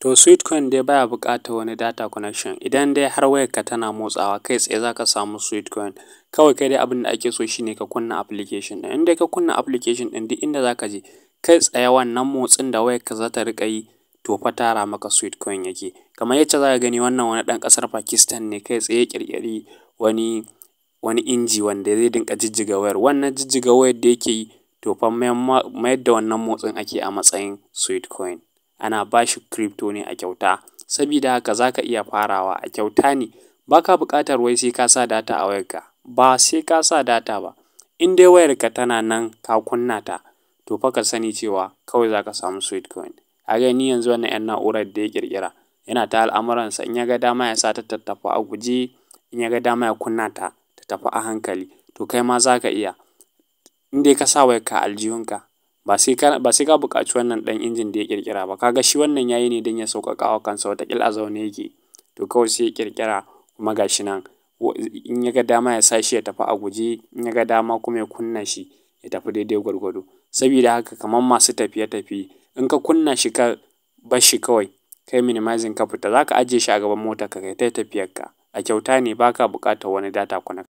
To Sweetcoin dai baya buƙatar wani data connection. Idan dai har wayarka tana motsawa kai tsaye zaka samu Sweetcoin. Kawai kai dai abin da ake so shine ka kunna application ɗin. In dai ka kunna application ɗin duk inda zaka je kai tsaye wannan motsin da wayarka za ta riƙa yi to fa tara maka Sweetcoin yake. Kamar yacce zaka gani wannan wani ɗan ƙasar Pakistan ne kai tsaye ƙirƙiri wani, wani inji wanda zai dinga jijjiga wayar. Wannan jijjiga wayar da yake yi to fa mayar da wannan motsin ake a matsayin Sweetcoin. ana ba shi crypto ne a kyauta sabida haka za ka iya farawa a kyauta ne ba ka buƙatar wai sai ka sa data a wayarka ba sai ka sa data ba in dai wayarka tana nan ka kunna ta to fa ka sani cewa kawai za ka samu coin a gani yanzu wannan 'yan na'urar da ya ƙirƙira yana ta al'amuransa in ya ga dama ya sa ta tattafa a guje in ya ga dama ya kunna ta ta tafi a hankali to kai ma za ka iya in dai ka sa wayarka a aljihunka ba sai ka ba sai ka buƙaci wannan ɗan injin da ya ƙirƙira ba kaga shi wannan yayi ne don ya sauƙaƙa wa kansa wataƙila a zaune yake to kawai sai ya ƙirƙira kuma ga shi nan in ya ga dama ya sa shi ya tafi a guje in ya ga dama kuma ya kunna shi ya tafi daidai gwargwado saboda haka kamar masu tafiye-tafiye in ka kunna shi ka bar shi kawai kai minimizing ka fita za ka ajiye shi a gaban mota ka kai ta tafiyarka a kyauta ne ba ka buƙatar wani data connect